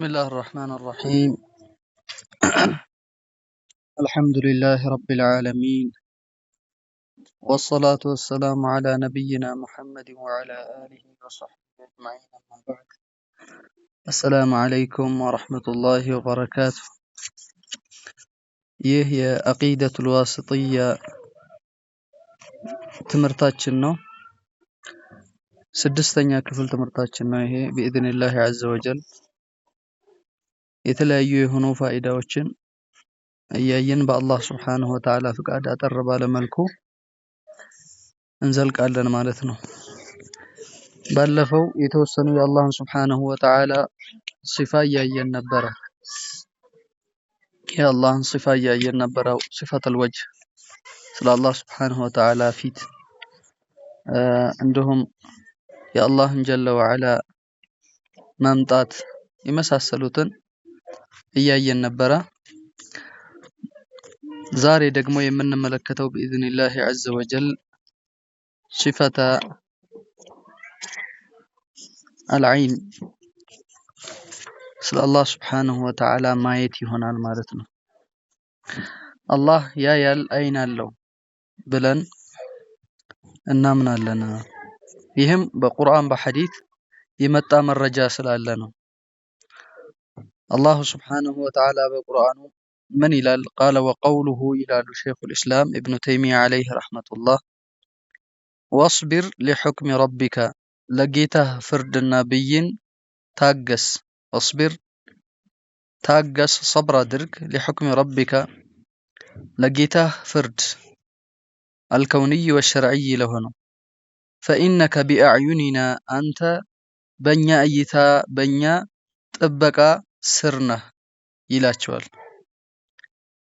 بسم الله الرحمن الرحيم الحمد لله رب العالمين والصلاة والسلام على نبينا محمد وعلى آله وصحبه أجمعين أما بعد السلام عليكم ورحمة الله وبركاته يهي የአቂደቱ الواسطية ትምህርታችን ነው። ስድስተኛ كفل تمرتاج ነው بإذن الله عز وجل የተለያዩ የሆኑ ፋይዳዎችን እያየን በአላህ ሱብሓነሁ ወተዓላ ፍቃድ አጠር ባለ መልኩ እንዘልቃለን ማለት ነው። ባለፈው የተወሰኑ የአላህን ሱብሓነሁ ወተዓላ ሲፋ እያየን ነበረ። የአላህን ሲፋ እያየን ነበረው ሲፈተል ወጅህ ስለ አላህ ሱብሓነሁ ወተዓላ ፊት እንዲሁም የአላህን ጀለ ወዐላ መምጣት የመሳሰሉትን እያየን ነበረ። ዛሬ ደግሞ የምንመለከተው ብኢዝኒላህ ዐዘ ወጀል ሽፈተ አልዐይን ስለ አላህ ስብሓንሁ ወተዓላ ማየት ይሆናል ማለት ነው። አላህ ያያል፣ አይን አለው ብለን እናምናለን። ይህም በቁርአን በሐዲት የመጣ መረጃ ስላለ ነው። الله سبحانه وتعالى بالقرآن من إلى قال وقوله إلى شيخ الإسلام ابن تيمية عليه رحمة الله واصبر لحكم ربك لقيته فرد النبي تاقس واصبر تاقس صبر درك لحكم ربك لقيته فرد الكوني والشرعي لهن فإنك بأعيننا أنت بنيا أيتا بنيا طبقا ስር ነህ ይላቸዋል።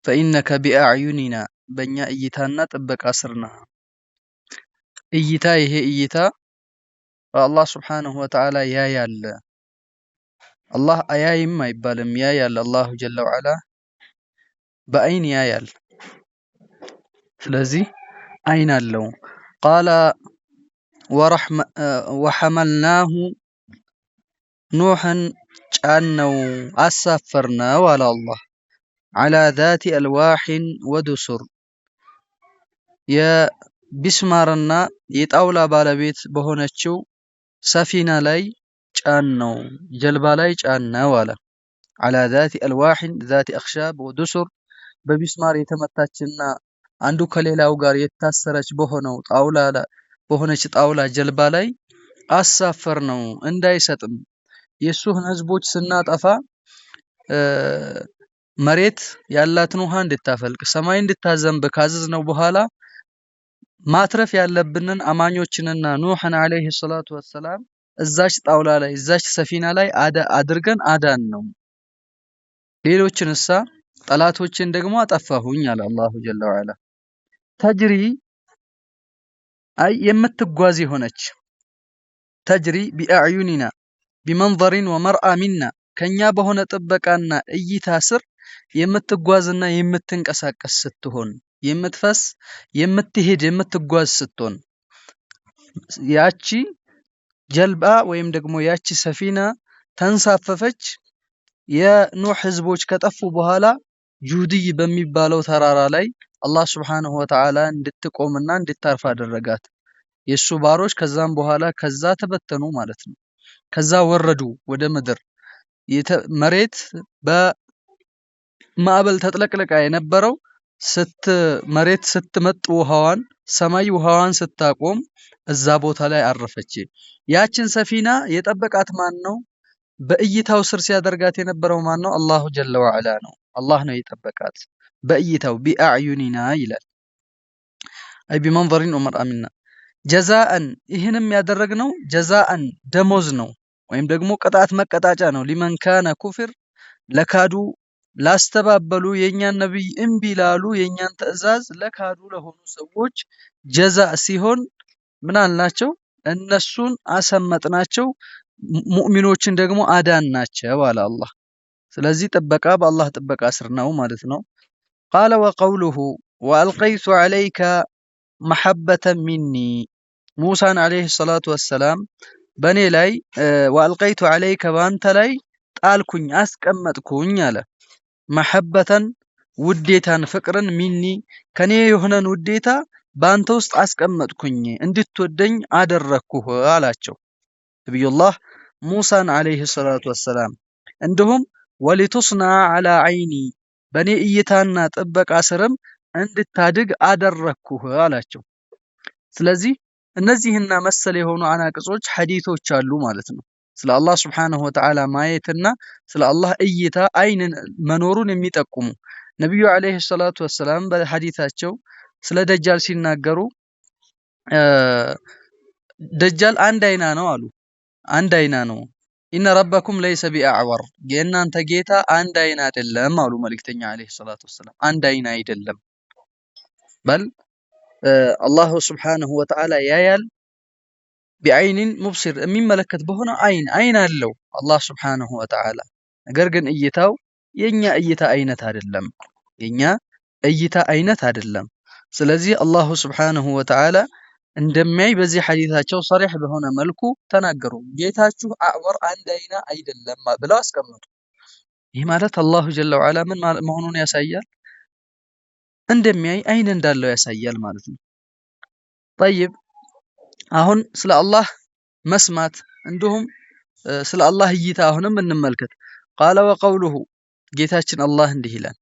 ፈኢነከ ቢአዕዩኒና በእኛ እይታና ጥበቃ ስር ነህ። እይታ ይሄ እይታ በአላህ ስብሓንሁ ወተዓላ ያያል። አላህ አያይም አይባልም፣ ያያል። አላሁ ጀለ ወዓላ በአይን ያያል። ስለዚህ አይን አለው። ቃለ ወሐመልናሁ ኑሐን ጫንነው አሳፈርነው አለ አላህ። ዐላ ዛቲ አልዋሒን ወዱሱር የቢስማርና የጣውላ ባለቤት በሆነችው ሰፊና ላይ ጫንነው፣ ጀልባ ላይ ጫንነው አለ። ዐላ ዛቲ አልዋሒን ዛቲ አኽሻብ ወዱሱር በቢስማር የተመታችና አንዱ ከሌላው ጋር የታሰረች በሆነው ጣውላ በሆነች ጣውላ ጀልባ ላይ አሳፈርነው እንዳይሰጥም የእሱን ህዝቦች ስናጠፋ መሬት ያላትን ውሃ እንድታፈልቅ ሰማይ እንድታዘንብ ነው በኋላ ማትረፍ ያለብንን አማኞችንና ኑህን አለይሂ ሰላቱ ወሰላም እዛች ጣውላ ላይ እዛች ሰፊና ላይ አድርገን አዳን ነው። ሌሎችን እሳ ጠላቶችን ደግሞ አጠፋሁኝ አለ አላሁ ጀለ ወዐላ። ተጅሪ አይ የምትጓዝ የሆነች ተጅሪ ቢአዕዩኒና ቢመንቨሪን ወመርአ ሚና ከእኛ በሆነ ጥበቃና እይታ ስር የምትጓዝና የምትንቀሳቀስ ስትሆን የምትፈስ የምትሄድ የምትጓዝ ስትሆን ያቺ ጀልባ ወይም ደግሞ ያቺ ሰፊና ተንሳፈፈች። የኑህ ህዝቦች ከጠፉ በኋላ ጁድይ በሚባለው ተራራ ላይ አላህ ሱብሓነሁ ወተዓላ እንድትቆምና እንድታርፍ አደረጋት። የእሱ ባሮች ከዛም በኋላ ከዛ ተበተኑ ማለት ነው። ከዛ ወረዱ ወደ ምድር። መሬት በማዕበል ተጥለቅልቃ የነበረው መሬት ስትመጥ ውሃዋን፣ ሰማይ ውሃዋን ስታቆም እዛ ቦታ ላይ አረፈች። ያችን ሰፊና የጠበቃት ማን ነው? በእይታው ስር ሲያደርጋት የነበረው ማን ነው? አላሁ ጀለ ወዐላ ነው። አላህ ነው የጠበቃት በእይታው ቢአዕዩኒና ይላል። አይ ቢመንዘሪን ወመርአሚና ጀዛአን። ይህንም ያደረግነው ጀዛአን ደሞዝ ነው ወይም ደግሞ ቅጣት መቀጣጫ ነው። ሊመን ካነ ኩፍር ለካዱ ላስተባበሉ የእኛን ነቢይ እምቢ ላሉ የእኛን ተዕዛዝ ለካዱ ለሆኑ ሰዎች ጀዛ ሲሆን ምን አልናቸው? እነሱን አሰመጥናቸው፣ ሙእሚኖችን ደግሞ አዳን ናቸው አለ አላህ። ስለዚህ ጥበቃ በአላህ ጥበቃ ስር ነው ማለት ነው። ቃለ ወቀውሉሁ ወአልቀይቱ ዐለይከ መሐበተን ሚኒ ሙሳን ዐለይሂ ሰላቱ ወሰላም በእኔ ላይ ወአልቀይቱ ዐለይከ በአንተ ላይ ጣልኩኝ አስቀመጥኩኝ አለ። መሐበተን ውዴታን ፍቅርን ሚኒ ከኔ የሆነን ውዴታ በአንተ ውስጥ አስቀመጥኩኝ እንድትወደኝ አደረግኩህ አላቸው ነቢዩላህ ሙሳን አለይህ ሰላቱ ወሰላም። እንዲሁም ወሊቱስና አላ ዐይኒ በእኔ እይታና ጥበቃ ስርም እንድታድግ አደረግኩህ አላቸው። ስለዚህ እነዚህና መሰል የሆኑ አናቅጾች ሐዲቶች አሉ ማለት ነው። ስለ አላህ ስብሐነሁ ወተዓላ ማየትና ስለ አላህ እይታ አይን መኖሩን የሚጠቁሙ ነቢዩ ዓለይሂ ሰላቱ ወሰላም በሐዲታቸው ስለ ደጃል ሲናገሩ ደጃል አንድ አይና ነው አሉ። አንድ አይና ነው። ኢነ ረበኩም ለይሰ ቢአዕወር፣ የእናንተ ጌታ አንድ አይን አይደለም አሉ መልእክተኛ ዓለይሂ ሰላቱ ወሰላም። አንድ አይን አይደለም በል አላሁ ስብሓንሁ ወተዓላ ያያል። ቢአይኒን ሙብሲር የሚመለከት በሆነ አይን አይን አለው አላህ ስብሓንሁ ወተዓላ። ነገር ግን እይታው የእኛ እይታ አይነት አይደለም፣ የእኛ እይታ አይነት አይደለም። ስለዚህ አላሁ ስብሓንሁ ወተዓላ እንደሚያይ በዚህ ሐዲታቸው ሰሪሕ በሆነ መልኩ ተናገሩ። ጌታችሁ አዕወር አንድ አይና አይደለም ብለው አስቀምጡ። ይህ ማለት አላሁ ጀለ ወዓላ ምን መሆኑን ያሳያል። እንደሚያይ አይን እንዳለው ያሳያል ማለት ነው። ጠይብ አሁን ስለ አላህ መስማት እንዲሁም ስለ አላህ እይታ አሁንም እንመልከት። ቃለ ወቀውሉሁ ጌታችን አላህ እንዲህ ይላል፣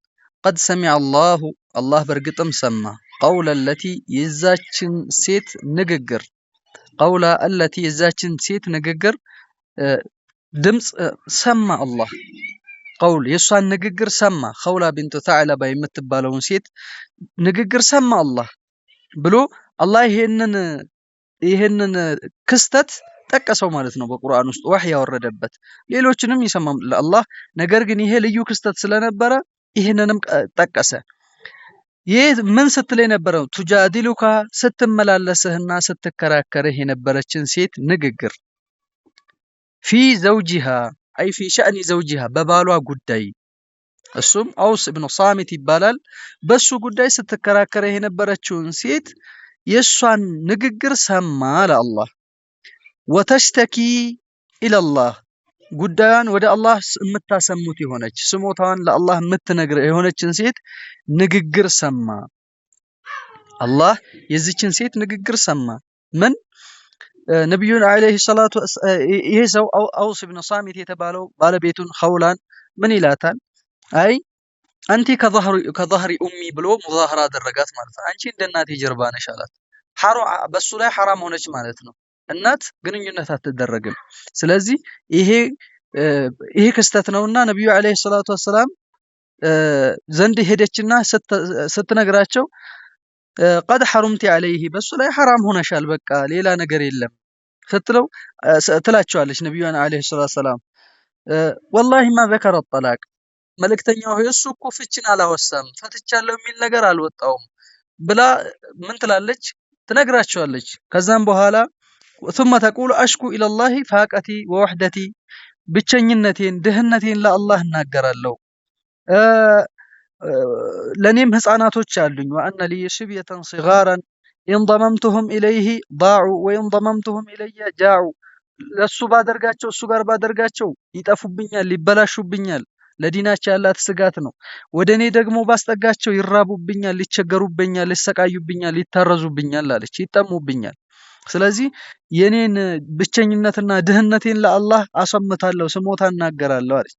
ቀድ ሰሚዐ አላሁ አላህ በእርግጥም ሰማ፣ ቀውለ ለቲ የዛችን ሴት ንግግር ቀውላ አለቲ የዛችን ሴት ንግግር ድምፅ ሰማ አላህ ቀውል የእሷን ንግግር ሰማ። ኸውላ ቢንቱ ታዕለባ የምትባለውን ሴት ንግግር ሰማ አላህ ብሎ አላህ ይሄንን ይሄንን ክስተት ጠቀሰው ማለት ነው በቁርአን ውስጥ ወህይ ያወረደበት ሌሎችንም ይሰማም ለአላህ ነገር ግን ይሄ ልዩ ክስተት ስለነበረ ይህንንም ጠቀሰ። ይህ ምን ስትል የነበረው ቱጃዲሉካ ስትመላለስህና ስትከራከርህ የነበረችን ሴት ንግግር ፊ ዘውጂሃ አይ ፊ ሸእኒ ዘውጂሃ በባሏ ጉዳይ እሱም አውስ ብኑ ሳሚት ይባላል። በሱ ጉዳይ ስትከራከረ የነበረችውን ሴት የእሷን ንግግር ሰማ ለአላህ ወተሽተኪ ኢለላህ ጉዳዩን ወደ አላህ የምታሰሙት የሆነች ስሞታዋን ለአላህ የምትነግር የሆነችን ሴት ንግግር ሰማ። አላህ የዚችን ሴት ንግግር ሰማ። ምን ነቢዩን አለይሂ ሰላቱ ይሄ ሰው አውስ ብን ሳሚት የተባለው ባለቤቱን ኸውላን ምን ይላታል? አይ አንቲ ከዛህሪ ኡሚ ብሎ ሙዛህራ አደረጋት ማለት ነው። አንቺ እንደ እናቴ ጀርባ ነሽ አላት። በሱ ላይ ሐራም ሆነች ማለት ነው። እናት ግንኙነት አትደረግም። ስለዚህ ይሄ ይሄ ክስተት ነውና ነቢዩ አለይሂ ሰላቱ ወሰላም ዘንድ ሄደችና ስትነግራቸው ቀድ ሐሩምቲ አለይህ በሱ ላይ ሐራም ሆነሻል፣ በቃ ሌላ ነገር የለም ስትለው ትላቸዋለች ነቢዩን አለይሂ ሰላቱ ሰላም ወላሂ ማ ዘከረ ጠላቅ መልእክተኛው ሆይ እሱ እኮ ፍችን አላወሳም ፈትቻለሁ የሚል ነገር አልወጣውም ብላ ምን ትላለች ትነግራቸዋለች። ከዛም በኋላ ثم تقول اشكو الى الله فاقتي ووحدتي ብቸኝነቴን ድህነቴን ለአላህ እናገራለሁ። ለኔም ህፃናቶች አሉኝ ወአነ ሊ ሽብየተን ሲጋራን ኢን ደመምቱሁም ኢለይህ ዳዑ ወኢን ኢለየ ጃዑ። ለሱ ባደርጋቸው እሱ ጋር ባደርጋቸው ይጠፉብኛል፣ ይበላሹብኛል። ለዲናቸው ያላት ስጋት ነው። ወደ እኔ ደግሞ ባስጠጋቸው ይራቡብኛል፣ ይቸገሩብኛል፣ ይሰቃዩብኛል፣ ይታረዙብኛል አለች፣ ይጠሙብኛል። ስለዚህ የኔን ብቸኝነትና ድህነቴን ለአላህ አሰምታለሁ፣ ስሞታ እናገራለሁ አለች።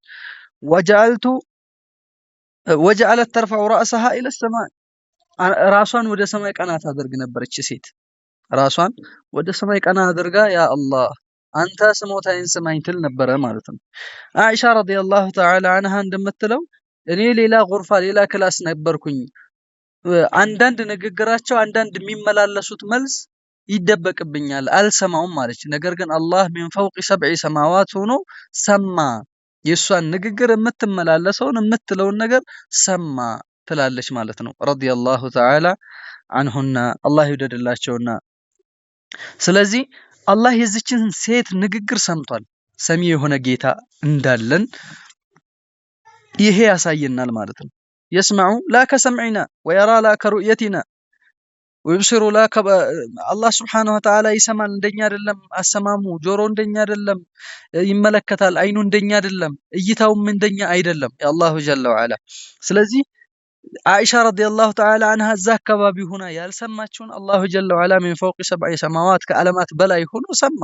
ወጀዐለት ተርፈዑ ረእሰሃ ኢለሰማይ ራሷን ወደ ሰማይ ቀና ታደርግ ነበር። ሴት ራሷን ወደ ሰማይ ቀና አድርጋ ያ አላህ አንተ ስሞታይን ስማኝ ትል ነበረ ማለት ነው። አኢሻ ረዲየላሁ ተዓላ አንሃ እንደምትለው እኔ ሌላ ጎርፋ፣ ሌላ ክላስ ነበርኩኝ። አንዳንድ ንግግራቸው፣ አንዳንድ የሚመላለሱት መልስ ይደበቅብኛል፣ አልሰማውም አለች። ነገር ግን አላህ ሚን ፈውቂ ሰብዒ ሰማዋት ሆኖ ሰማ። የእሷን ንግግር የምትመላለሰውን የምትለውን ነገር ሰማ። ትላለች ማለት ነው። ረዲየላሁ ተዓላ አንሁና አላህ ይውደድላቸውና። ስለዚህ አላህ የዚችን ሴት ንግግር ሰምቷል። ሰሚ የሆነ ጌታ እንዳለን ይሄ ያሳየናል ማለት ነው። የስማዑ ላከ ሰምዒና ወየራ ላከ ሩእየቲና ወይብስሩ ላከ አላህ ስብሓነሁ ወተዓላ ይሰማል፣ እንደኛ አይደለም። አሰማሙ ጆሮ እንደኛ አይደለም። ይመለከታል፣ አይኑ እንደኛ አይደለም። እይታውም እንደኛ አይደለም የአላሁ ጀለ ወዐላ ስለዚህ አኢሻ ረዲየላሁ ተዓላ አንሃ እዛ አካባቢ ሁና ያልሰማችውን አላሁ ጀለ ወዓላ ሚን ፈውቅ ሰብዐ ሰማዋት ከዓለማት በላይ ሆኖ ሰማ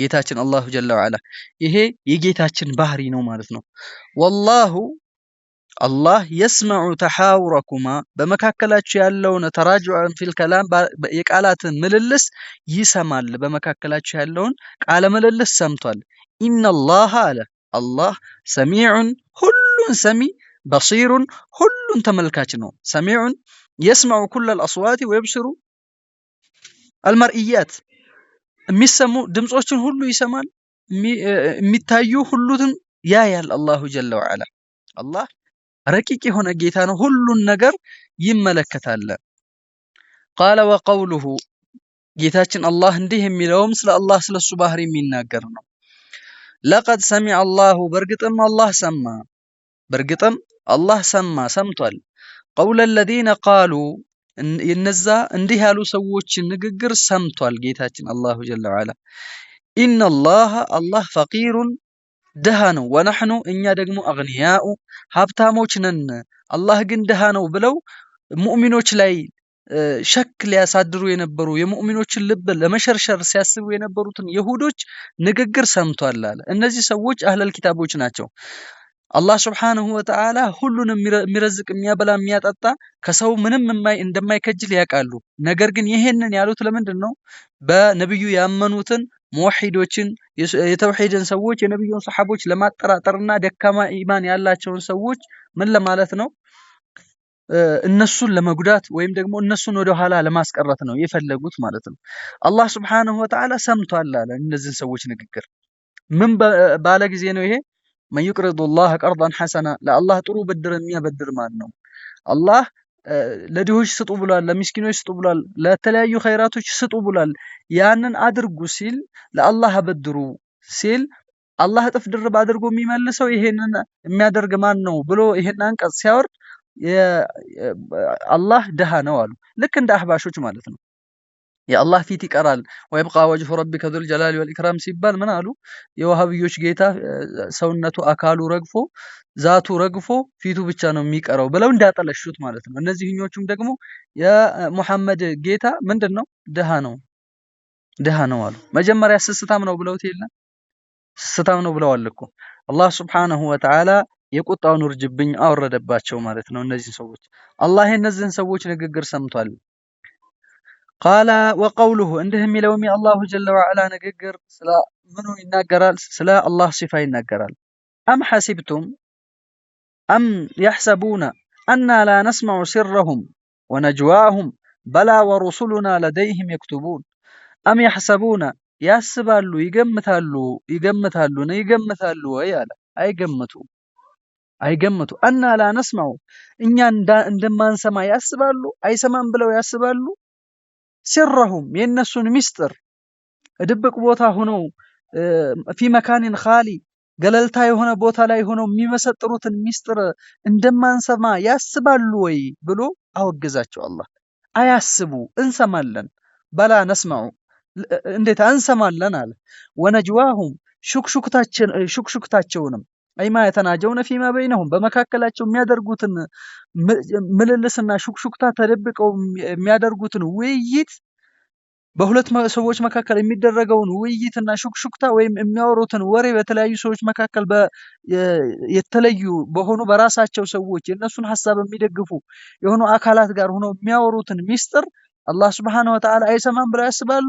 ጌታችን አላሁ ጀለ ወዓላ። ይሄ የጌታችን ባህሪ ነው ማለት ነው። ወላሁ አላህ የስመዑ ተሐውረኩማ በመካከላችሁ ያለውን ተራጅዑን ፊል ከላም የቃላትን ምልልስ ይሰማል። በመካከላችሁ ያለውን ቃለ ምልልስ ሰምቷል። ኢነላህ አለ አላህ ሰሚዑን ሁሉን ሰሚ በሲሩን ሁሉን ተመልካች ነው። ሰሚዑን የስማዑ ኩለል አስዋቲ ወየብስሩ አልመርኢያት የሚሰሙ ድምፆችን ሁሉ ይሰማል። የሚታዩ ሁሉትን ያያል። አላሁ ጀለ ወዐላ አላህ ረቂቅ የሆነ ጌታ ነው። ሁሉን ነገር ይመለከታል። ቃለ ወቀውሉሁ ጌታችን አላህ እንዲህ የሚለውም ስለ አላህ ስለሱ ባህሪ የሚናገር ነው። ለቀድ ሰሚዐ አላሁ በእርግጥም አላህ ሰማ በእርግጥም አላህ ሰማ ሰምቷል። ቀውለ ለዚነ ቃሉ እነዛ እንዲህ ያሉ ሰዎችን ንግግር ሰምቷል ጌታችን አላሁ ጀለ ወዐላ። ኢነላህ አላህ ፈቂሩን ድሃ ነው፣ ወነሕኑ እኛ ደግሞ አግንያኡ ሀብታሞች ነን፣ አላህ ግን ድሃ ነው ብለው ሙእሚኖች ላይ ሸክ ሊያሳድሩ የነበሩ የሙእሚኖችን ልብ ለመሸርሸር ሲያስቡ የነበሩትን የሁዶች ንግግር ሰምቷል አለ። እነዚህ ሰዎች አህለል ኪታቦች ናቸው። አላህ ስብሓንሁ ወተዓላ ሁሉንም የሚረዝቅ የሚያበላ የሚያጠጣ ከሰው ምንም እንደማይከጅል ያውቃሉ። ነገር ግን ይሄንን ያሉት ለምንድን ነው? በነቢዩ ያመኑትን ሙወሒዶችን የተውሒድን ሰዎች የነቢዩን ሰሓቦች ለማጠራጠርና ደካማ ኢማን ያላቸውን ሰዎች ምን ለማለት ነው? እነሱን ለመጉዳት ወይም ደግሞ እነሱን ወደኋላ ለማስቀረት ነው የፈለጉት ማለት ነው። አላህ ስብሓንሁ ወተዓላ ሰምቷል አለ እነዚህን ሰዎች ንግግር። ምን ባለ ጊዜ ነው ይሄ መን ዩቅሪዱ ላህ ቀርዳን ሐሰና ለአላህ ጥሩ ብድር የሚያበድር ማን ነው? አላህ ለድሆች ስጡ ብሏል፣ ለሚስኪኖች ስጡ ብሏል፣ ለተለያዩ ኸይራቶች ስጡ ብሏል። ያንን አድርጉ ሲል ለአላህ አበድሩ ሲል አላህ እጥፍ ድርብ አድርጎ የሚመልሰው ይሄንን የሚያደርግ ማን ነው ብሎ ይሄን አንቀጽ ሲያወርድ አላህ ድሃ ነው አሉ። ልክ እንደ አህባሾች ማለት ነው። የአላህ ፊት ይቀራል። ወይብቃ ወጅሁ ረቢከ ዙል ጀላሊ ወልኢክራም ሲባል ምን አሉ? የዋሃብዮች ጌታ ሰውነቱ አካሉ ረግፎ ዛቱ ረግፎ ፊቱ ብቻ ነው የሚቀረው ብለው እንዳጠለሹት ማለት ነው። እነዚህኞቹም ደግሞ የሙሐመድ ጌታ ምንድን ነው? ድሃ ነው ድሃ ነው አሉ። መጀመሪያ ስስታም ነው ብለውት የለ ስስታም ነው ብለዋል እኮ። አላህ ሱብሓነሁ ወተዓላ የቁጣውን ውርጅብኝ አወረደባቸው ማለት ነው። እነዚህ ሰዎች አላህ የእነዚህን ሰዎች ንግግር ሰምቷል። ቃለ ወቀውሉሁ እንዲህ የሚለውም የአላሁ ጀለ ዋዕላ ንግግር ስለ ምኑ ይናገራል? ስለ አላህ ሲፋ ይናገራል። አም ሐሲብቱም አም የሕሰቡነ አና ላ ነስማዑ ሲረሁም ወነጅዋሁም በላ ወሩሱሉና ለደይህም የክቱቡን አም የሕሰቡነ ያስባሉ ይገምታሉ ይገምታሉን ይገምታሉ ወይ አለ። አይገምቱ አይገምቱ አና ላ ነስማዑ እኛ እንደማንሰማ ያስባሉ አይሰማም ብለው ያስባሉ ሲረሁም የእነሱን ሚስጥር ድብቅ ቦታ ሆነው ፊ መካኒን ኻሊ ገለልታ የሆነ ቦታ ላይ ሆነው የሚመሰጥሩትን ሚስጥር እንደማንሰማ ያስባሉ ወይ ብሎ አወገዛቸው። አላህ አያስቡ እንሰማለን፣ በላ ነስመዑ እንዴት እንሰማለን አለ። ወነጅዋሁም ሹክሹክታቸውንም አይማ የተናጀውነ ፊማ በይነሁም በመካከላቸው የሚያደርጉትን ምልልስና ሹክሹክታ ተደብቀው የሚያደርጉትን ውይይት በሁለት ሰዎች መካከል የሚደረገውን ውይይትና ሹክሹክታ ወይም የሚያወሩትን ወሬ በተለያዩ ሰዎች መካከል የተለዩ በሆኑ በራሳቸው ሰዎች የእነሱን ሀሳብ የሚደግፉ የሆኑ አካላት ጋር ሆነው የሚያወሩትን ሚስጥር አላህ ስብሐነሁ ወተዓላ አይሰማም ብለው ያስባሉ?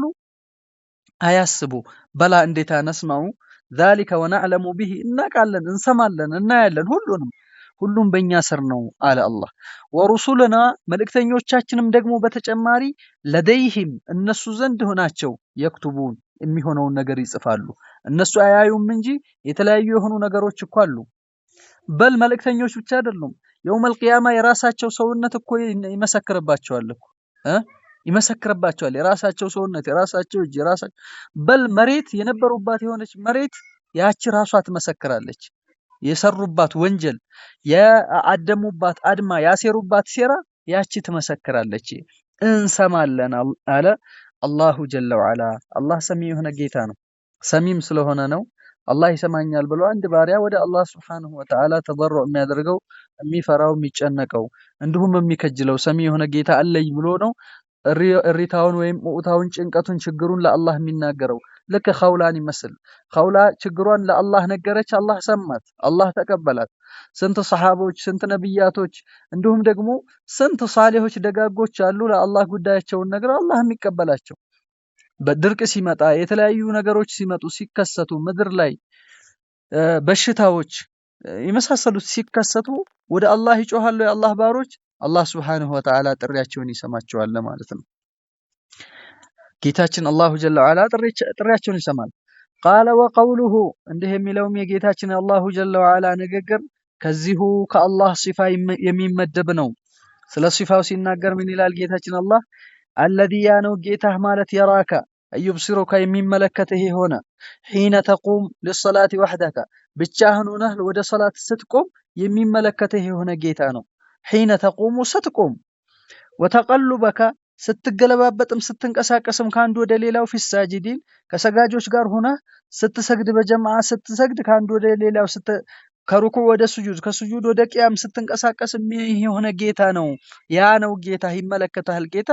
አያስቡ። በላ እንዴታ ነስማዑ ዛሊከ ወነዕለሙ ቢሂ እናቃለን እንሰማለን፣ እናያለን። ሁሉንም ሁሉም በእኛ ስር ነው አለ አላህ። ወሩሱልና መልእክተኞቻችንም ደግሞ በተጨማሪ ለደይህም እነሱ ዘንድ ሆናቸው የክቱቡን የሚሆነውን ነገር ይጽፋሉ። እነሱ አያዩም እንጂ የተለያዩ የሆኑ ነገሮች እኮ አሉ። በል መልእክተኞች ብቻ አይደሉም፣ የውመል ቂያማ የራሳቸው ሰውነት እኮ ይመሰክርባቸዋል እኮ እ ይመሰክርባቸዋል። የራሳቸው ሰውነት፣ የራሳቸው እጅ፣ የራሳቸው በል መሬት የነበሩባት የሆነች መሬት ያቺ ራሷ ትመሰክራለች። የሰሩባት ወንጀል፣ የአደሙባት አድማ፣ ያሴሩባት ሴራ ያቺ ትመሰክራለች። እንሰማለን አለ አላሁ ጀለ ወዐላ። አላህ ሰሚ የሆነ ጌታ ነው። ሰሚም ስለሆነ ነው አላህ ይሰማኛል ብሎ አንድ ባሪያ ወደ አላህ ስብሐነሁ ወተዓላ ተበሮ የሚያደርገው የሚፈራው የሚጨነቀው እንዲሁም የሚከጅለው ሰሚ የሆነ ጌታ አለኝ ብሎ ነው። እሪታውን ወይም ሙኡታውን ጭንቀቱን ችግሩን ለአላህ የሚናገረው ልክ ኸውላን ይመስል ኸውላ ችግሯን ለአላህ ነገረች፣ አላህ ሰማት፣ አላህ ተቀበላት። ስንት ሰሓቦች፣ ስንት ነብያቶች እንዲሁም ደግሞ ስንት ሳሌሆች ደጋጎች አሉ ለአላህ ጉዳያቸውን ነገር አላህ የሚቀበላቸው። በድርቅ ሲመጣ የተለያዩ ነገሮች ሲመጡ ሲከሰቱ፣ ምድር ላይ በሽታዎች የመሳሰሉት ሲከሰቱ ወደ አላህ ይጮሃሉ የአላህ ባሮች አላህ ስብሓንሁ ወተዓላ ጥሪያቸውን ይሰማቸዋል ለማለት ነው። ጌታችን አላሁ ጀለ ወዓላ ጥሪያቸውን ይሰማል። ቃለ ወቀውሉሁ እንዲህ የሚለውም የጌታችን አላሁ ጀለ ወዓላ ንግግር ከዚሁ ከአላህ ሲፋ የሚመደብ ነው። ስለ ሲፋው ሲናገር ምን ይላል ጌታችን አላህ? አለዚ ያ ነው ጌታህ ማለት የራካ እዩብሲሩካ የሚመለከትህ የሆነ ሒነ ተቁም ሊሰላቲ ወሕደካ ብቻህን ሆነህ ወደ ሰላት ስትቆም የሚመለከትህ የሆነ ጌታ ነው። ሒነ ተቁሙ ስትቁም ወተቀሉበከ ስትገለባበጥም ስትንቀሳቀስም ከአንዱ ወደ ሌላው ፊት ከሰጋጆች ጋር ሆና ስትሰግድ በጀማ ስትሰግድ ከአንዱ ወደ ሌላው ከሩኩ ወደ ስጁድ ከስጁድ ወደ ቅያም ስትንቀሳቀስ የሆነ ጌታ ነው። ያ ነው ጌታ፣ ይመለከታል ጌታ።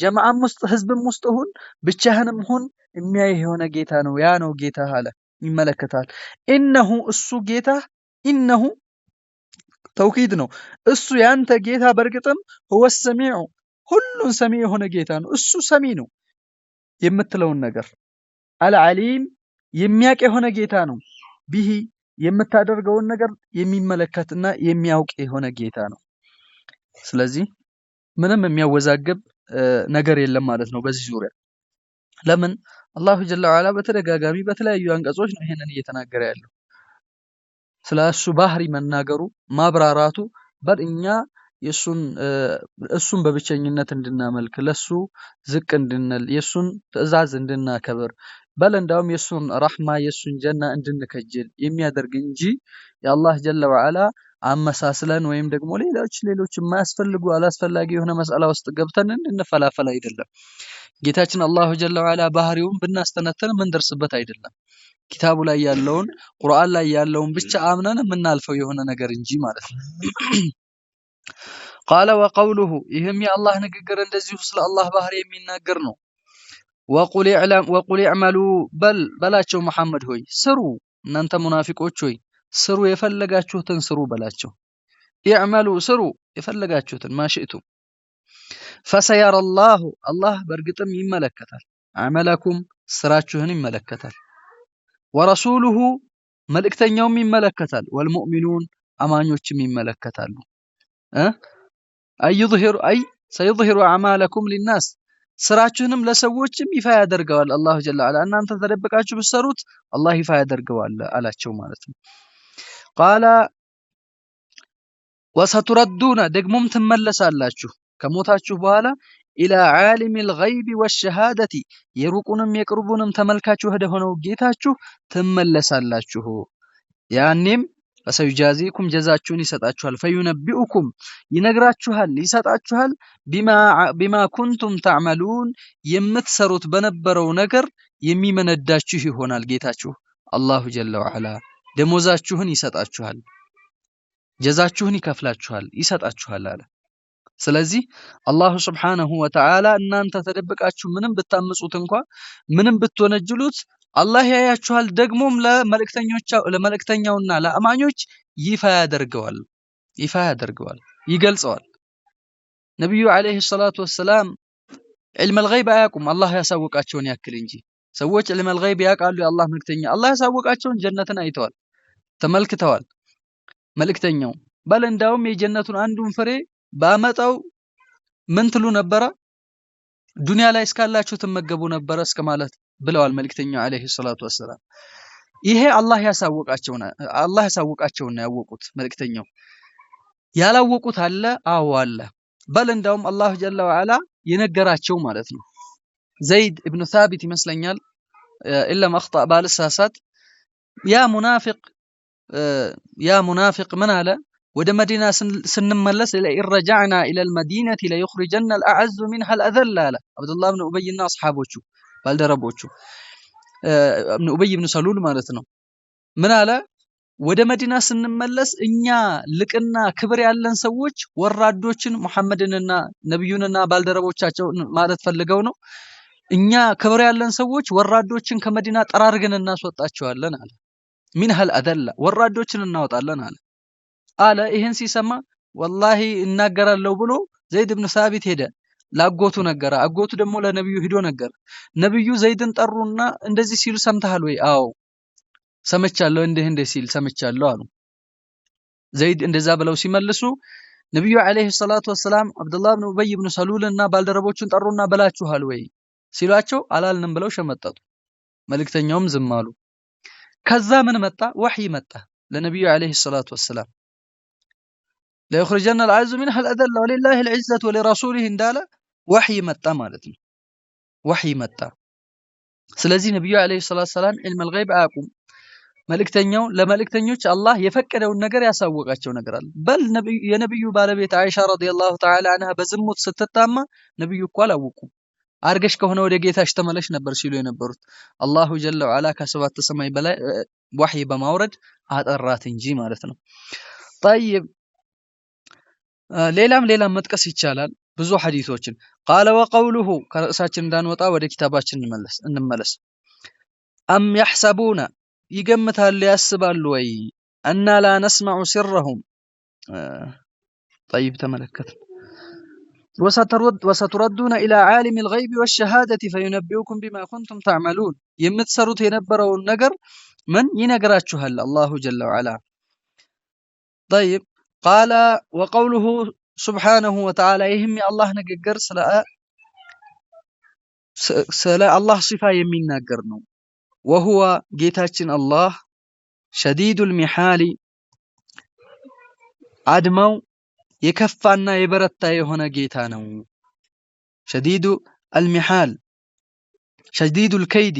ጀማዓም ውስጥ ህዝብም ውስጥ ሁን ብቻህንም ሁን የሚያይህ የሆነ ጌታ ነው። ያ ነው ጌታ አለ፣ ይመለከታል። ኢነሁ እሱ ጌታ ኢነሁ ተውሂድ ነው። እሱ ያንተ ጌታ በእርግጥም ሁወ ሰሚዑ ሁሉን ሰሚ የሆነ ጌታ ነው። እሱ ሰሚ ነው የምትለውን ነገር አልዓሊም የሚያውቅ የሆነ ጌታ ነው። ቢሂ የምታደርገውን ነገር የሚመለከትና የሚያውቅ የሆነ ጌታ ነው። ስለዚህ ምንም የሚያወዛግብ ነገር የለም ማለት ነው በዚህ ዙሪያ። ለምን አላሁ ጀለ ወዐላ በተደጋጋሚ በተለያዩ አንቀጾች ነው ይሄንን እየተናገረ ያለው። ስለሱ ባህሪ መናገሩ ማብራራቱ በእኛ እሱን በብቸኝነት እንድናመልክ ለሱ ዝቅ እንድንል የሱን ትዕዛዝ እንድናከብር በል እንዳውም የሱን ራህማ የሱን ጀና እንድንከጅል የሚያደርግ እንጂ የአላህ ጀለ ወዐላ አመሳስለን ወይም ደግሞ ሌሎች ሌሎች የማያስፈልጉ አላስፈላጊ የሆነ መስአላ ውስጥ ገብተን እንፈላፈል አይደለም። ጌታችን አላሁ ጀለ ወዐላ ባህሪውን ብናስተነትን ምንደርስበት አይደለም። ኪታቡ ላይ ያለውን ቁርአን ላይ ያለውን ብቻ አምነን የምናልፈው የሆነ ነገር እንጂ ማለት ነው። ቃለ ወቀውሉሁ ይህም የአላህ ንግግር እንደዚሁ ስለ አላህ ባህሪ የሚናገር ነው። ወቁል ዕመሉ በል በላቸው መሐመድ ሆይ ስሩ፣ እናንተ ሙናፊቆች ሆይ ስሩ፣ የፈለጋችሁትን ስሩ በላቸው። ኢዕመሉ ስሩ፣ የፈለጋችሁትን ማሽእቱም ፈሰየረላሁ አላህ በእርግጥም ይመለከታል። አዕመለኩም ስራችሁን ይመለከታል። ወረሱሉሁ መልእክተኛውም ይመለከታል። ወልሙእሚኑን አማኞችም ይመለከታሉ። አይዙሂሩ አይ ሰይዙሂሩ አዕማለኩም ሊናስ ስራችሁንም ለሰዎችም ይፋ ያደርገዋል አላሁ ጀለ ዓላ። እናንተ ተደብቃችሁ ብትሰሩት አላህ ይፋ ያደርገዋል አላቸው ማለት ነው። ቃለ ወሰቱረዱነ ደግሞም ትመለሳላችሁ ከሞታችሁ በኋላ ኢላ ዓሊሚል ገይቢ ወሸሃደቲ የሩቁንም የቅርቡንም ተመልካች ወደ ሆነው ጌታችሁ ትመለሳላችሁ። ያኔም ፈሰዩጃዚኩም ጀዛችሁን ይሰጣችኋል። ፈዩነቢኡኩም ይነግራችኋል፣ ይሰጣችኋል። ቢማ ኩንቱም ተዕመሉን የምትሰሩት በነበረው ነገር የሚመነዳችሁ ይሆናል። ጌታችሁ አላሁ ጀለ ወዐላ ደሞዛችሁን ይሰጣችኋል፣ ጀዛችሁን ይከፍላችኋል፣ ይሰጣችኋል አለ። ስለዚህ አላሁ ስብሓነሁ ወተዓላ እናንተ ተደብቃችሁ ምንም ብታምፁት እንኳ ምንም ብትወነጅሉት አላህ ያያችኋል፣ ደግሞም ለመልእክተኛውና ለአማኞች ይፋ ያደርገዋል ይፋ ያደርገዋል ይገልጸዋል። ነቢዩ ዓለይሂ ሰላቱ ወሰላም ዕልመል ገይብ አያውቁም አላህ ያሳወቃቸውን ያክል እንጂ። ሰዎች ዕልመል ገይብ ያውቃሉ፣ የአላህ መልእክተኛ አላህ ያሳወቃቸውን ጀነትን አይተዋል፣ ተመልክተዋል። መልእክተኛው በል እንዳውም የጀነቱን አንዱን ፍሬ ባመጣው ምን ትሉ ነበረ? ዱንያ ላይ እስካላችሁ ትመገቡ ነበረ እስከ ማለት ብለዋል መልክተኛው አለይሂ ሰላቱ ወሰላም። ይሄ አላህ ያሳወቃቸው አላህ ያሳወቃቸውና ያወቁት መልክተኛው ያላወቁት አለ? አዎ አለ። በል እንዳውም አላህ ጀለ ወዐላ የነገራቸው ማለት ነው። ዘይድ ኢብኑ ሳቢት ይመስለኛል ኢለም አኽጣ ባልሳሳት ያ ሙናፊቅ ያ ሙናፊቅ ምን አለ ወደ መዲና ስንመለስ ለኢን ረጃዕና ኢለል መዲነቲ ለዩኽሪጀነ አልአዐዙ ሚንሃል አዘል አለ አብዱላ ብን ኡበይና አስሓቦቹ ባልደረቦቹ ብን ኡበይ ብን ሰሉል ማለት ነው። ምን አለ? ወደ መዲና ስንመለስ እኛ ልቅና ክብር ያለን ሰዎች ወራዶችን ሙሐመድንና ነቢዩንና ባልደረቦቻቸውን ማለት ፈልገው ነው። እኛ ክብር ያለን ሰዎች ወራዶችን ከመዲና ጠራርገን እናስወጣቸዋለን አለ። ሚንሃል አዘላ ወራዶችን እናወጣለን አለ አለ ይህን ሲሰማ ወላሂ እናገራለሁ ብሎ ዘይድ ብን ሳቢት ሄደ። ለአጎቱ ነገረ። አጎቱ ደግሞ ለነብዩ ሂዶ ነገር ነብዩ ዘይድን ጠሩና እንደዚህ ሲሉ ሰምተሃል ወይ? አዎ ሰምቻለሁ፣ እንዲህ እንዲህ ሲል ሰምቻለሁ አሉ። ዘይድ እንደዛ ብለው ሲመልሱ ነብዩ አለይሂ ሰላቱ ወሰላም አብዱላህ ብን ኡበይ ብን ሰሉልና ባልደረቦቹን ጠሩና በላችኋል ወይ ሲሏቸው አላልንም ብለው ሸመጠጡ። መልእክተኛውም ዝም አሉ። ከዛ ምን መጣ? ወህይ መጣ ለነብዩ አለይሂ ሰላቱ ወሰላም ለዩኽሪጀና አልዓዙ ሚንሃ አልአዘላ ወሊላህ አልዒዘቱ ወሊረሱሊህ እንዳለ ወሕይ መጣ ማለት ነው። ወሕይ መጣ። ስለዚህ ነቢዩ ዓለይሂ ሰላቱ ሰላም ዒልመል ገይብ አያውቁም። መልእክተኛው ለመልእክተኞች አላህ የፈቀደውን ነገር ያሳወቃቸው ነገር አለ። በል የነቢዩ ባለቤት አይሻ ረዲየላሁ ተዓላ አንሃ በዝሙት ስትታማ ነቢዩ እኮ አላወቁም። አርገሽ ከሆነ ወደ ጌታሽ ተመለሽ ነበር ሲሉ የነበሩት አላሁ ጀለ ወዓላ ከሰባት ሰማይ በላይ ወሕይ በማውረድ አጠራት እንጂ ማለት ነው። ጠይብ ሌላም ሌላም መጥቀስ ይቻላል ብዙ ሐዲቶችን ቃለ ወቀውሉሁ ከርዕሳችን እንዳንወጣ ወደ ኪታባችን እንመለስ። አም ያሕሰቡነ ይገምታሉ ያስባሉ ወይ እና ላ ነስማዑ ሲረሁም ጠይብ ተመለከት ወሰቱረዱነ ኢላ ዓሊም ልገይቢ ወሸሃደቲ ፈዩነቢኡኩም ቢማ ኩንቱም ተዕመሉን የምትሰሩት የነበረውን ነገር ምን ይነግራችኋል አላሁ ጀለ ወዓላ። ጠይብ ቃለ ወቀውሉሁ ሱብሓነሁ ወተዓላ ይህም የአላህ ንግግር ስለ አላህ ሲፋ የሚናገር ነው። ወሁወ ጌታችን አላህ ሸዲዱል ሚሓሊ አድማው የከፋና የበረታ የሆነ ጌታ ነው። ሸዲዱ አልሚሓል ሸዲዱል ከይዲ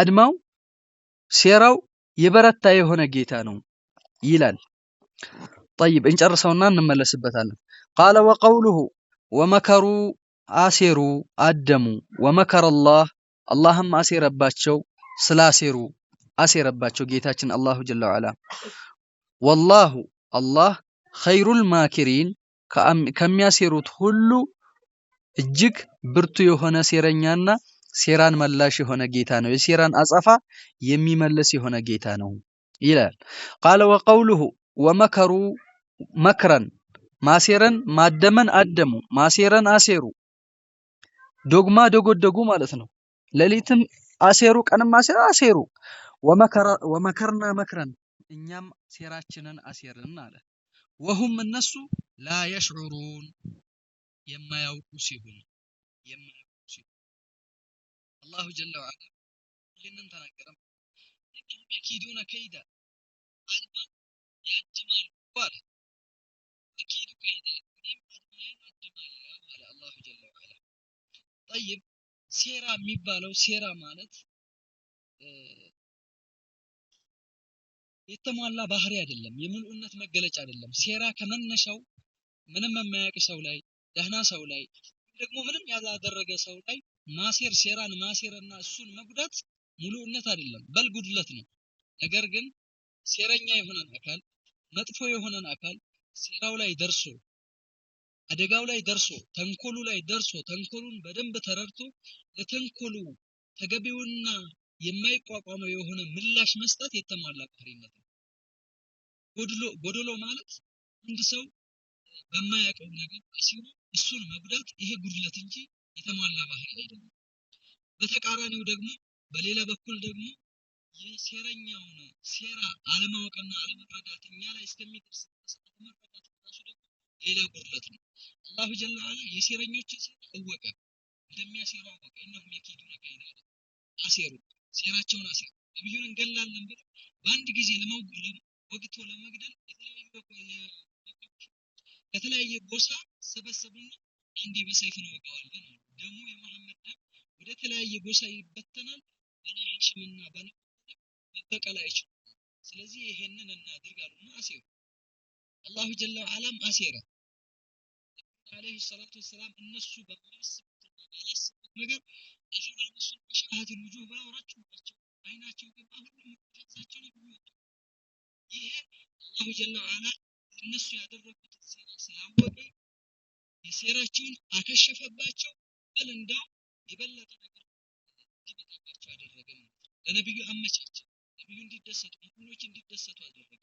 አድማው ሴራው የበረታ የሆነ ጌታ ነው ይላል። ጠይብ እንጨርሰውና እንመለስበታለን። ቃለ ወቀውሉሁ ወመከሩ አሴሩ አደሙ ወመከረ አላህ አላህም አሴረባቸው ስላሴሩ አሴረባቸው ጌታችን አላሁ ጀለ ወዐላ። ወላሁ አላህ ኸይሩል ማኪሪን ከሚያሴሩት ሁሉ እጅግ ብርቱ የሆነ ሴረኛና ሴራን መላሽ የሆነ ጌታ ነው። የሴራን አጸፋ የሚመልስ የሆነ ጌታ ነው ይላል። ቃለ ወቀውሉሁ ወመከሩ መክረን ማሴረን ማደመን አደሙ ማሴረን አሴሩ ዶግማ ደጎደጉ ማለት ነው። ሌሊትም አሴሩ ቀንም አሴሩ አሴሩ ወመከርና መክረን እኛም ሴራችንን አሴርን አለ። ወሁም እነሱ ላ የሽዑሩን የማያውቁ ሲሆን የማያውቁ ሲሆን አላሁ ጀለ ወዐላ ይህንን ተናገረ። የኪዱነ ከይዳ ያድማሉ አለ አኪዱ ከሂዳ እኔም አድማዬን አድማለሁ አለ አላሁ ጀለ ዋላ ጠይብ ሴራ የሚባለው ሴራ ማለት የተሟላ ባህሪ አይደለም የምልኡነት መገለጫ አይደለም ሴራ ከመነሻው ምንም የማያውቅ ሰው ላይ ደህና ሰው ላይ ደግሞ ምንም ያላደረገ ሰው ላይ ማሴር ሴራን ማሴርና እሱን መጉዳት ሙሉእነት አይደለም በል ጉድለት ነው ነገር ግን ሴረኛ የሆነን አካል መጥፎ የሆነን አካል ሴራው ላይ ደርሶ አደጋው ላይ ደርሶ ተንኮሉ ላይ ደርሶ ተንኮሉን በደንብ ተረድቶ ለተንኮሉ ተገቢውና የማይቋቋመው የሆነ ምላሽ መስጠት የተሟላ ባህሪነት ነው። ጎድሎ ማለት አንድ ሰው በማያውቀው ነገር ሲሆን እሱን መጉዳት ይሄ ጉድለት እንጂ የተሟላ ባህሪ አይደለም። በተቃራኒው ደግሞ በሌላ በኩል ደግሞ የሴረኛውን ሴራ አለማወቅና አለመረዳት እኛ ላይ እስከሚደርስ ሌላ ጉድለት ነው። አላሁ ጀለ የሴረኞች ሴራ እንደሚያሴሩ አወቀ። እነሁም አሴሩ፣ ሴራቸውን አሴሩ። ነቢዩን እንገላለን ብለው በአንድ ጊዜ ወግቶ ለመግደል ከተለያየ ጎሳ ሰበሰቡና አንዴ በሰይፍ እንወጋዋለን አሉ። ደግሞ የመሐመድ ደም ወደ ተለያየ ጎሳ ይበተናል። መበቀል አይችሉም። ስለዚህ ይሄንን እናድርግ አሉና አሴሩ አላሁ ጀለ ወዓላም አሴረ አለህ ሰላቱ ወሰላም እነሱ ነገር ብለው አይናቸው ገባ ሁሉም ይሄ አላሁ ጀለ እነሱ ሴራ ስላወቀ የሴራቸውን አከሸፈባቸው በል እንዳው የበለጠ ነገር አደረገ ለነቢዩ አመቻቸው ነቢዩ እንዲደሰቱ እንዲደሰቱ አደረገ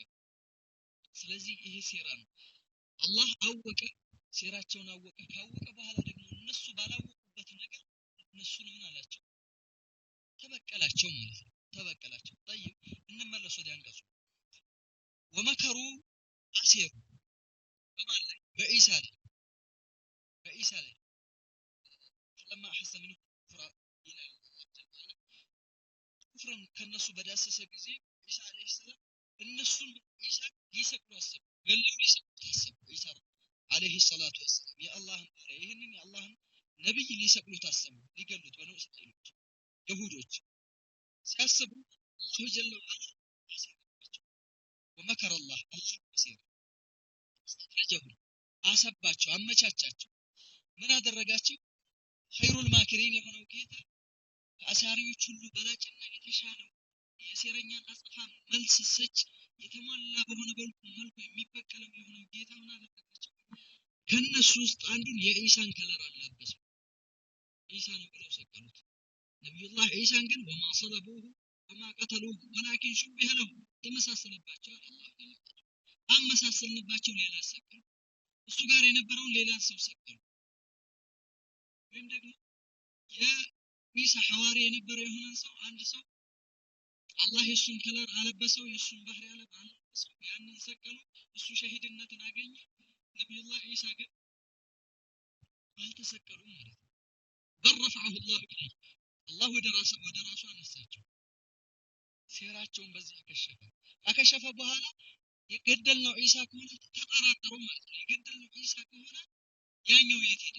ስለዚህ ይሄ ሴራ ነው። አላህ አወቀ፣ ሴራቸውን አወቀ። ካወቀ በኋላ ደግሞ እነሱ ባላወቁበት ነገር እነሱ ምን አላቸው? ተበቀላቸው ማለት ነው። ተበቀላቸው። ጠይብ እንመለስ ወደ አንቀጹ። ወመከሩ አሴሩ በኢሳ ላይ በኢሳ ላይ ለማ አሐሰ ምንሁ ኩፍራ ይላል። ኩፍርን ከነሱ በዳሰሰ ጊዜ ኢሳ አለይሂ ሰላም እነሱን ይሳቅ ሊሰቅሉ አሰቡ ሊሰቅሉ አለህ ሰላቱ ወሰላም የአላህን ባሪያ ይህንን የአላህን ነቢይ ሊሰቅሉ ታሰቡ ሊገሉት በነው ሲያስቡ ሰው ወመከረ አላህ አላህ አሰባቸው አመቻቻቸው ምን አደረጋቸው ኸይሩል ማኪሪን የሆነው ጌታ ከአሳሪዎች ሁሉ በላጭና የተሻለው የሴረኛ ቀጥታ መልስ ሰጭ የተሟላ በሆነ መልኩ የሚበቀለው የሆነው ጌታ ምን አደረጋቸው? ከእነሱ ውስጥ አንዱን የኢሳን ከለር አለበት ኢሳ ነው ብለው ሰቀሉት። ነቢዩላህ ኢሳን ግን ወማ ሰለቡሁ ወማ ቀተሉሁ ወላኪን ሹቢህ ለሁ ተመሳሰለባቸው። አመሳሰልንባቸው፣ ሌላ ሰቀሉ። እሱ ጋር የነበረውን ሌላ ሰው ሰቀሉ። ወይም ደግሞ የኢሳ ሐዋሪ የነበረ የሆነን ሰው አንድ ሰው አላህ የእሱን ክለር አለበሰው፣ የእሱን ባህሪ አለበሰው። ያንን ሰቀለው፣ እሱ ሸሂድነትን አገኘ። ነቢዩላህ ዒሳ ግን አልተሰቀሉም ማለት ነው። በል ላሁ ኢለይህ፣ አላህ ወደ ራሱ አነሳቸው። ሴራቸውን በዚህ አከሸፈ። ከከሸፈ በኋላ የገደልነው ዒሳ ከሆነ ተጠራጠሩ ማለት ነው። የገደልነው ዒሳ ከሆነ ያኛው የት ሄደ?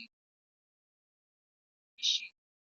እሺ